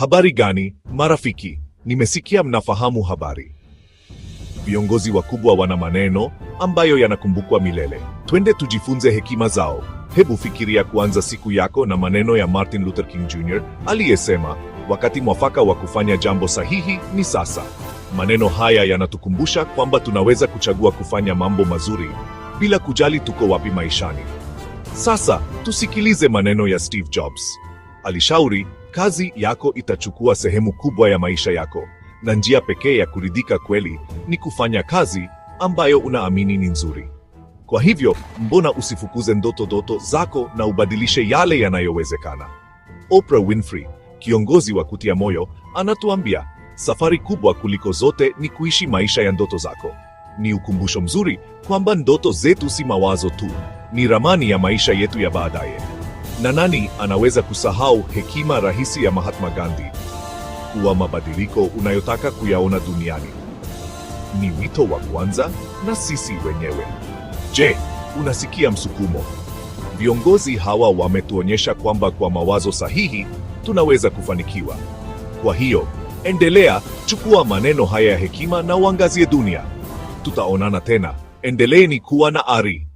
Habari gani marafiki, nimesikia mnafahamu habari. Viongozi wakubwa wana maneno ambayo yanakumbukwa milele. Twende tujifunze hekima zao. Hebu fikiria kuanza siku yako na maneno ya Martin Luther King Jr. aliyesema, wakati mwafaka wa kufanya jambo sahihi ni sasa. Maneno haya yanatukumbusha kwamba tunaweza kuchagua kufanya mambo mazuri bila kujali tuko wapi maishani. Sasa tusikilize maneno ya Steve Jobs. Alishauri Kazi yako itachukua sehemu kubwa ya maisha yako, na njia pekee ya kuridhika kweli ni kufanya kazi ambayo unaamini ni nzuri. Kwa hivyo, mbona usifukuze ndoto doto zako na ubadilishe yale yanayowezekana? Oprah Winfrey, kiongozi wa kutia moyo, anatuambia safari kubwa kuliko zote ni kuishi maisha ya ndoto zako. Ni ukumbusho mzuri kwamba ndoto zetu si mawazo tu, ni ramani ya maisha yetu ya baadaye. Na nani anaweza kusahau hekima rahisi ya Mahatma Gandhi kuwa mabadiliko unayotaka kuyaona duniani ni wito wa kwanza na sisi wenyewe. Je, unasikia msukumo? Viongozi hawa wametuonyesha kwamba kwa mawazo sahihi tunaweza kufanikiwa. Kwa hiyo, endelea, chukua maneno haya ya hekima na uangazie dunia. Tutaonana tena. Endeleeni kuwa na ari.